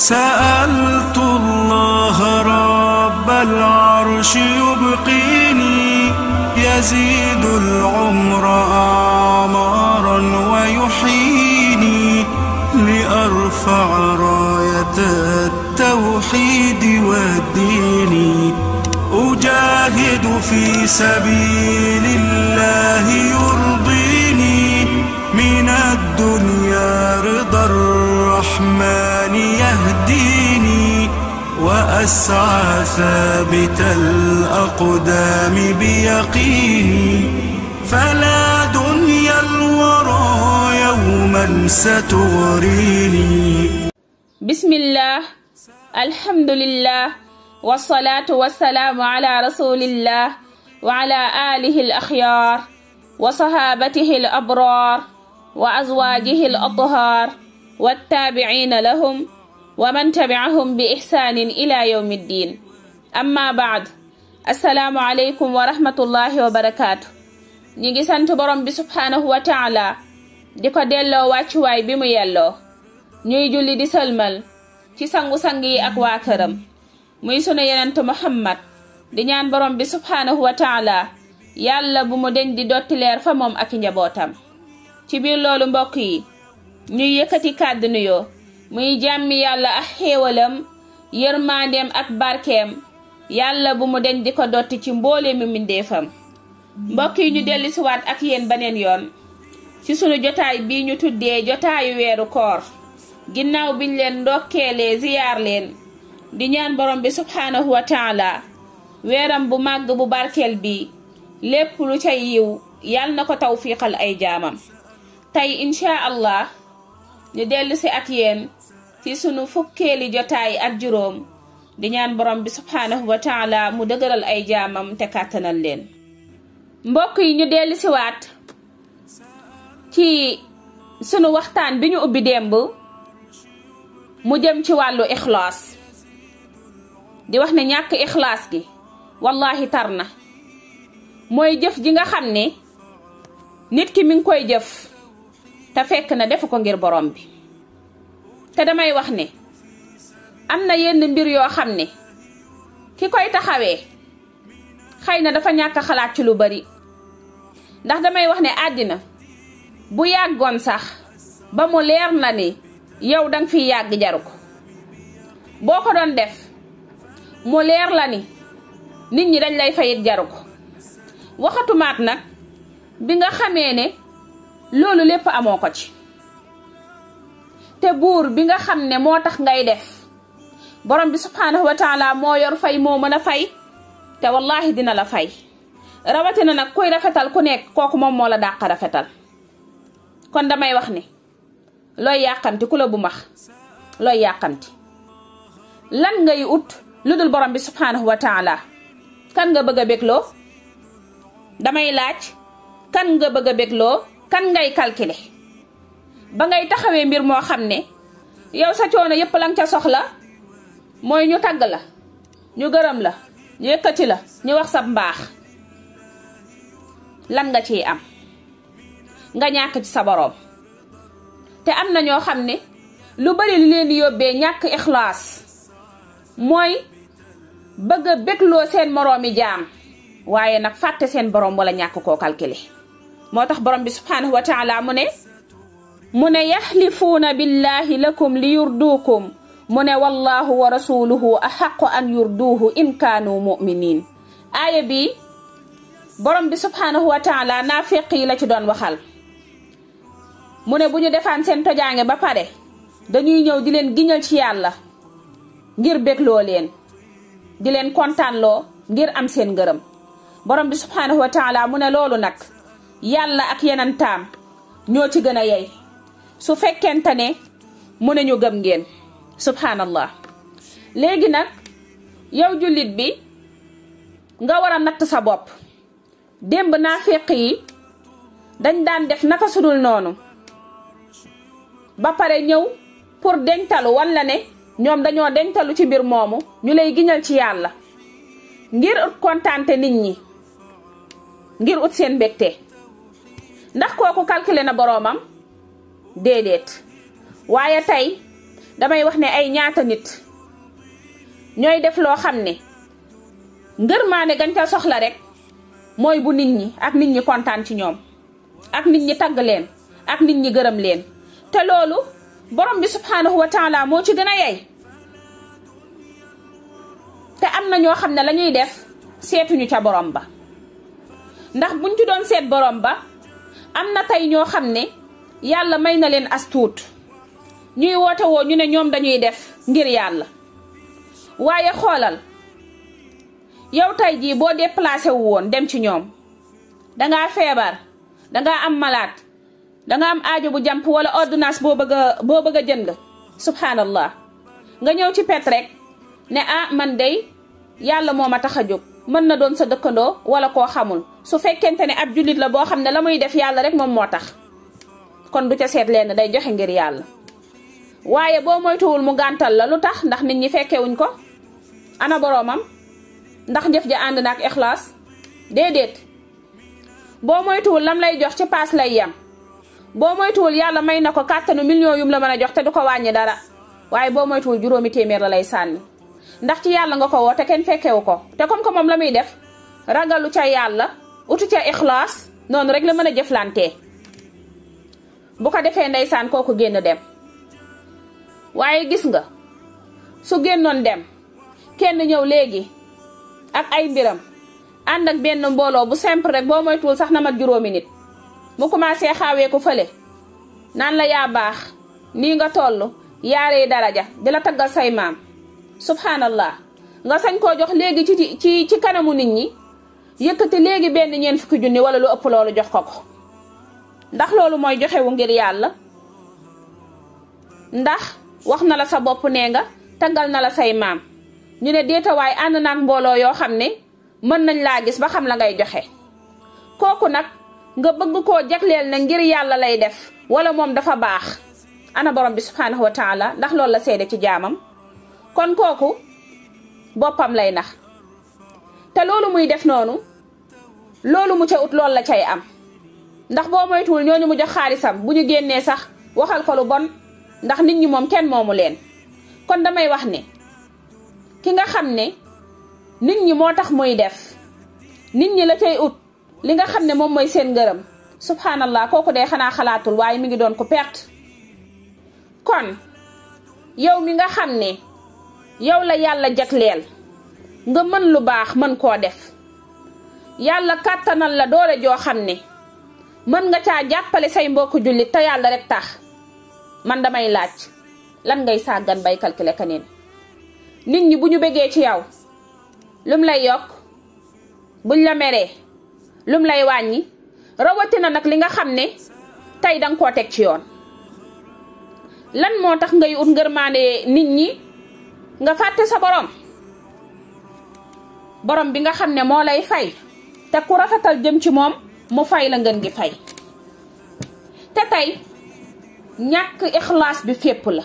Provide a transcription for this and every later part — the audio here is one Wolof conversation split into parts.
سألت الله رب العرش يبقيني يزيد العمر أعمارا ويحييني لأرفع راية التوحيد والدين أجاهد في سبيل الله يرضيني من الدنيا رضا الرحمن يهديني وأسعى ثابت الأقدام بيقيني فلا دنيا الورى يوما ستغريني بسم الله الحمد لله والصلاة والسلام على رسول الله وعلى آله الأخيار وصحابته الأبرار وأزواجه الأطهار والتابعين لهم wa man tabi'ahum bi ihsaanin ila yawmi ddiin amma baad assalaamu aleykum wa rahmatullahi wa barakaatu ñi ngi sant borom bi subhaanahu wa taala di ko delloo wàccuwaay bi mu yelloo ñuy julli di sëlmal ci sangu-sang yi ak waa këram muy sunu yenent muhammad di ñaan borom bi subhaanahu wa taala yàlla bu mu deñ di dotti fa moom ak njabootam ci biir loolu mbokk yi ñuy yëkkati kàddu nuyoo muy jàmm yàlla ak xéewalam yërmaandeem ak barkeem yàlla bu mu deñ di ko dotti ci mboole mindeefam mbindeefam mbokk yi ñu dellusiwaat ak yéen baneen yoon ci sunu jotaay bii ñu tuddee jotaayu weeru koor ginnaaw biñ leen ndokkeelee ziyaar di ñaan borom bi subhaanahu wa taala weeram bu màgg bu barkeel bi lépp lu ca yiw yàlla na ko tawfiiqal ay jaamam tey incha allah ñu dellusi ak yéen ci sunu fukkeeli jotaay ak juróom di ñaan borom bi subhaanahu wa taala mu dëgëral ay jaamam te kàttanal leen mbokk yi ñu dellu ci sunu waxtaan bi ñu ubbi démb mu jëm ci wàllu ixlaas di wax ne ñàkk ixlaas gi wallaahi tar na mooy jëf ji nga xam ni nit ki mi ngi koy jëf te fekk na defu ko ngir borom bi te damay wax ne am na yenn mbir yoo xam ne ki koy taxawee xëy na dafa ñàkk xalaat ci lu bari ndax damay wax ne àddina bu yàggoon sax ba mu leer na ni yow danga fi yàgg jaru ko boo ko doon def mu leer la ni nit ñi dañ lay fayit jaru ko waxatumaat nag bi nga xamee ne loolu lépp amoo ko ci te buur bi nga xam ne moo tax ngay def borom bi subhaanahu wa taala moo yor fay moo mën a fay te wallahi dina la fay rawatina nag kuy rafetal ku nekk kooku moom moo la dàq rafetal kon damay wax ni looy yàqamti ku la bu max looy yàqamti lan ngay ut lu dul borom bi subhaanahu wa taala kan nga bëgg a bégloo damay laaj kan nga bëgg a bégloo kan ngay calculer ba ngay taxawee mbir moo xam ne yow sa coono yëpp la nga ca soxla mooy ñu tagg la ñu gërëm la ñu yëkkati la ñu wax sa mbaax lan nga ciy am nga ñàkk ci sa boroom te am na ñoo xam ne lu bari li leen yóbbee ñàkk ixlaas mooy bëgg a bégloo seen moroomi jaam waaye nag fàtte seen borom wala ñàkk koo calculer moo tax borom bi subhanahu wa taala mu ne mu ne yaxlifuuna billahi lakum li yurduukum mu ne wallahu wa rasuluhu axaqu an yurduuhu in kaanu muminin aaya bii borom bi subhaanahu wa taala naafeq yi la ci doon waxal mu ne bu ñu defaan seen tojaange ba pare dañuy ñëw di leen giñal ci yàlla ngir bégloo leen di leen kontaanloo ngir am seen ngërëm borom bi subhaanahu wa taala mu ne loolu nag yàlla ak yeneen taam ñoo ci gën a yey su fekkente ne mu ne ñu gëm ngeen subhanallah léegi nag yow jullit bi nga war a natt sa bopp démb naaféq yi dañ daan def naka sudul noonu ba pare ñëw pour dencalu walla ne ñoom dañoo dencalu ci mbir moomu ñu lay giñal ci yàlla ngir ut kontaante nit ñi ngir ut seen mbégte ndax kooku calculé na boroomam déedéet waaye tey damay wax ne ay ñaata nit ñooy def loo xam ne ngërmaane gañ ca soxla rek mooy bu nit ñi ak nit ñi kontaan ci ñoom ak nit ñi tagg leen ak nit ñi gërëm leen te loolu borom bi subhaanahu moo ci gën a yey te am na ñoo xam ne lañuy def seetuñu ca borom ba ndax buñ ci doon seet borom ba am na tey ñoo xam ne yàlla may na leen astuut ñuy woote woo ñu ne ñoom dañuy def ngir yàlla waaye xoolal yow tey jii boo déplacé wu woon dem ci ñoom dangaa feebar dangaa am malaat danga am aajo bu jàmp wala ordonnance boo bëgg a boo bëgg a jënd subhanallah nga ñëw ci pet rek ne ah man day yàlla moo ma tax a jóg mën na doon sa dëkkandoo wala koo xamul su fekkente ne ab jullit la boo xam ne la muy def yàlla rek moom moo tax kon du ca seet leen day joxe ngir yàlla waaye boo moytuwul mu gàntal la lu tax ndax nit ñi fekkewuñ ko ana boroomam ndax jëf ja ànd na ak ixlaas déedéet boo moytuwul lam lay jox ci paas lay yem boo moytuwul yàlla may na ko kàttanu million yum la mën a jox te du ko wàññi dara waaye boo moytuwul juróomi téeméer la lay sànni ndax ci yàlla nga ko woo te kenn fekkewu ko te comme que moom la muy def ragalu ca yàlla utu ca ixlaas noonu rek la mën a jëflantee bu ko defee ndeysaan kooku génn dem waaye gis nga su génnoon dem kenn ñëw léegi ak ay mbiram ànd ak benn mbooloo bu simple rek boo moytuwul sax na mat juróomi nit mu commencé xaawee ko fële naan la yaa baax nii nga yaare yaaree daraja di la taggal say maam subhanallah nga sañ koo jox léegi ci ci ci kanamu nit ñi yëkkati léegi benn ñeent fukki junni wala lu ëpp loolu jox ko ko ndax loolu mooy joxewu ngir yàlla ndax wax na la sa bopp nee nga taggal na la say maam ñu ne deetawaay ànd naag mbooloo yoo xam ne mën nañ laa gis ba xam la ngay joxe kooku nag nga bëgg koo jagleel ne ngir yàlla lay def wala moom dafa baax ana borom bi subhaanahu wa taala ndax loolu la seede ci jaamam kon kooku boppam lay nax te loolu muy def noonu loolu mu ca ut loolu la cay am ndax boo moytuwul ñooñu mu jox xaalisam bu ñu génnee sax waxal ko lu bon ndax nit ñi moom kenn moomu leen kon damay wax ne ki nga xam ne nit ñi moo tax muy def nit ñi la cay ut li nga xam ne moom mooy seen ngërëm subhanallah kooku dee xanaa xalaatul waaye mi ngi doon ko perte kon yow mi nga xam ne yow la yàlla leel nga mën lu baax mën koo def yàlla kàttanal la doole joo xam ne mën nga caa jàppale say mbokk jullit te yàlla rek tax man damay laaj lan ngay sàggan bay calculer keneen nit ñi bu ñu bëggee ci yow lum lay yokk buñ la meree lum lay wàññi rawatina nag li nga xam ne tey danga koo teg ci yoon lan moo tax ngay ut ngërmaande nit ñi nga fàtte sa borom borom bi nga xam ne moo lay fay te ku rafetal jëm ci moom mu fay la ngeen gi fay te tey ñàkk ixlaas bi fépp la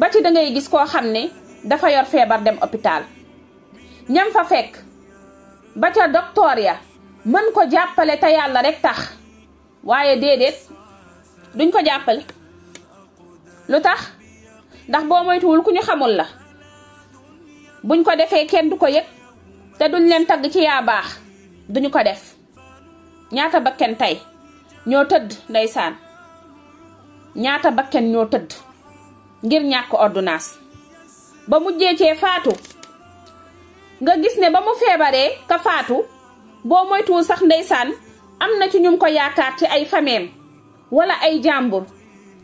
ba ci dangay gis koo xam ne dafa yor feebar dem hôpital ñam fa fekk ba ca docteur ya mën ko jàppale te yàlla rekk tax waaye déedéet duñ ko jàppale lu tax ndax boo moytuwul ku ñu xamul la buñ ko defee kenn du ko yëg te duñ leen tagg ci yaa baax duñu ko def ñaata bakken tey ñoo tëdd ndeysaan ñaata bakken ñoo tëdd ngir ñàkk ordonnance ba mu jeecee faatu nga gis ne ba mu feebaree ka faatu boo moytuwul sax ndeysaan am na ci ñum ko yaakaar ci ay fameem wala ay jàmbur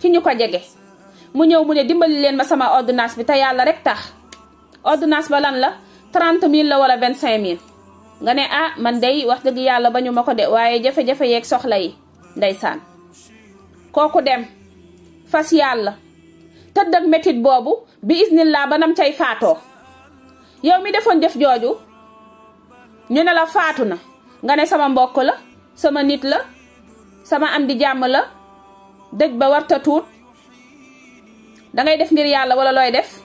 ci ñu ko jege mu ñëw mu ne dimbali leen ma sama ordonnance bi te yàlla rek tax ordonnance ba lan la trente mille la wala vingt cinq mille nga ne ah man day wax dëgg yàlla ba ñu ma ko de waaye jafe-jafe yeeg soxla yi ndeysaan kooku dem fas yàlla tëdd ak métit boobu bi isnillah ba nam cay faatoo yow mi defoon jëf jooju ñu ne la faatu na nga ne sama mbokk la sama nit la sama am di jàmm la dëj ba warta tuut dangay def ngir yàlla wala looy def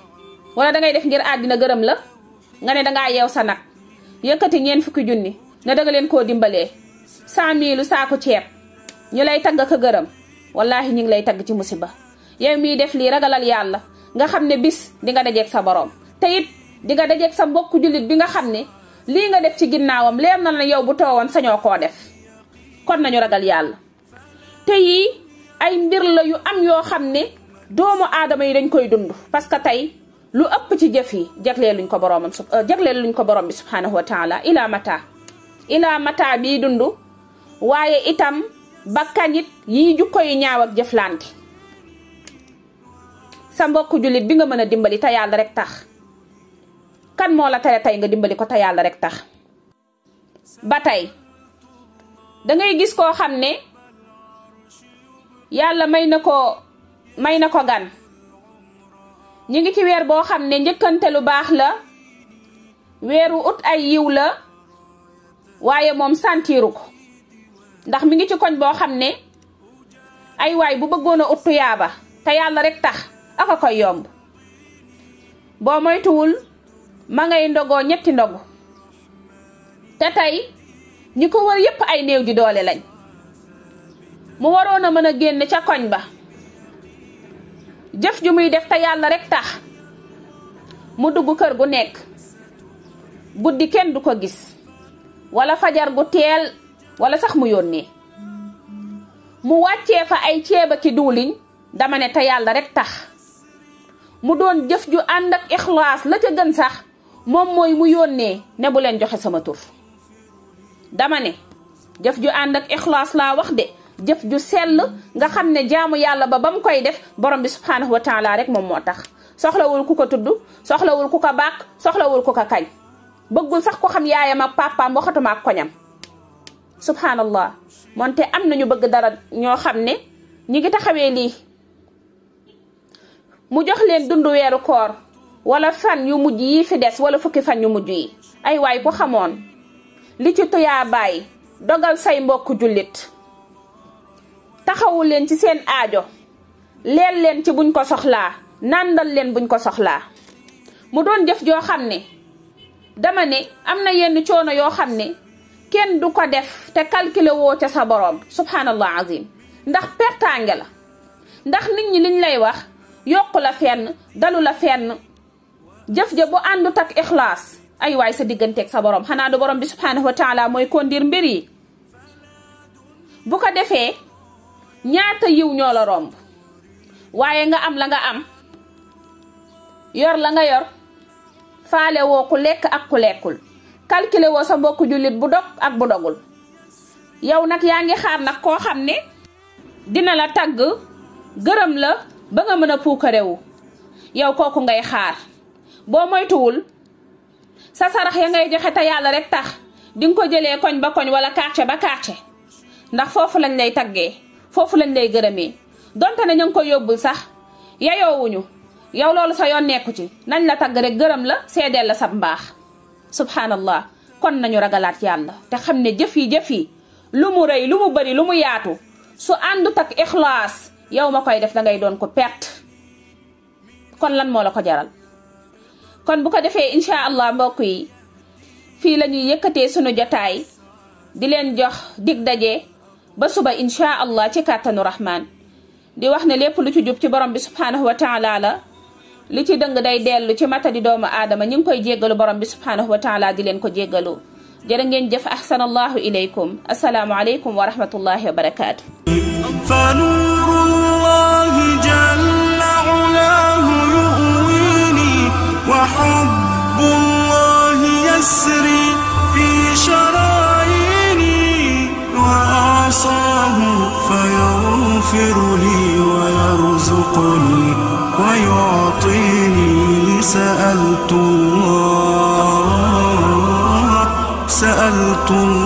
wala dangay def ngir àddina gërëm la nga ne dangaa yeew sa nag yëkkati ñeent fukki junni ne danga leen koo dimbalee cent mille saaku ceeb ñu lay tagg ka gërëm wallaahi ñu ngi lay tagg ci musiba yow miy def lii ragalal yàlla nga xam ne bis di nga dajeeg sa boroom te it di nga dajeeg sa mbokku jullit bi nga xam ne lii nga def ci ginnaawam leer na la yow bu toowoon sañoo koo def kon nañu ragal yàlla te ay mbir la yu am yoo xam ne doomu aadama yi dañ koy dund parce tey lu ëpp ci jëf yi jagleel luñ ko boroomam su euh, jagleel ko borom bi subhaanahu wa taala ila mata ila mata bii dund waaye itam bakkan it yii jukko yu ñaaw sa mbokku jullit bi nga mën a dimbali te yàlla rek tax kan moo la tere tey nga dimbali ko te yàlla rek tax ba tey dangay gis koo xam ne yàlla may na ko may na ko gan ñi ngi ci weer boo xam ne njëkkante lu baax la weeru ut ay yiw la waaye moom santiiru ko ndax mi ngi ci koñ boo xam ne ay waay bu bëggoon a ut yaaba te yàlla rekk tax aka koy yomb boo moytuwul ma ngay ndogoo ñetti ndogu te tey ñi ko wër yépp ay néew di doole lañ mu waroon a mën a génn ca koñ ba jëf ju muy def te yàlla rekk tax mu dugg kër gu nekk guddi kenn du ko gis walla fajar gu teel wala sax mu yónnee mu wàccee fa ay ceeba ki diwlin dama ne te yàlla rekk tax mu doon jëf ju ànd ak ixlaas la ca gën sax moom mooy mu yónnee ne bu leen joxe sama tur dama ne jëf ju ànd ak ixlaas laa wax de jëf ju sell nga xam ne jaamu yàlla ba ba mu koy def borom bi subhaanahu wa rek moom moo tax soxlawul ku ko tudd soxlawul ku ko bàkk soxlawul ku ko kañ bëggul sax ko xam yaayam ak papaam waxatuma ak koñam subhaanallah moonte am na ñu bëgg dara ñoo xam ne ñi ngi taxawee lii mu jox leen dund weeru koor wala fan yu mujj yi fi des wala fukki fan yu mujj yi ay waay ku xamoon li ci tuyaabaay dogal say mbokk jullit taxawu leen ci seen aajo leel leen ci buñ ko soxlaa nàndal leen buñ ko soxlaa mu doon jëf joo xam ne dama ne am na yenn coono yoo xam ne kenn du ko def te calculer woo ca sa boroom subhanallah azim ndax pertaange la ndax nit ñi liñ lay wax yokku la fenn dalu la fenn jëf ja bu àndu ak ixlaas ay waay sa digganteek sa boroom xanaa du boroom bi subhanahu wa taala mooy kondir mbir yi bu ko defee ñaata yiw ñoo la romb waaye nga am la nga am yor la nga yor faale woo ku lekk ak ku lekkul calculer woo sa mbokku jullit bu dog ak bu dogul yow nag yaa ngi xaar nag koo xam ne dina la tagg gërëm la ba nga mën a puukarewu yow kooku ngay xaar boo moytuwul sa sarax ya ngay joxe te yàlla rek tax di ko jëlee koñ ba koñ wala quartier ba quartier ndax foofu lañ lay taggee foofu lañ lay gërëmee donte na ña ngi koy yóbbul sax yayoowuñu yow loolu sa yoon nekku ci nañ la tagg rek gërëm la seedeel la sab mbaax subhanallah kon nañu ragalaat yàlla te xam ne jëf yi jëf lu mu rëy lu mu bëri lu mu yaatu su àndu ak ixlaas yow ma koy def da ngay doon ko perte kon lan moo la ko jaral kon bu ko defee incha allah mbokk yi fii lañuy ñuy yëkkatee sunu jotaay di leen jox dig daje. ba suba incha allah ci kàttanu rahmaan di wax ne lépp lu ci jub ci borom bi subhaanahu wa li ci dëng day dellu ci matadi doomu aadama ñu ngi koy jéggalu borom bi subhaanahu wa taala di leen ko jéggalu jërë ngeen jëf ahsanallahu ilaykum asalaamu aleykum wa rahmatullahi wa يغفر لي ويرزقني ويعطيني سألت الله سألت الله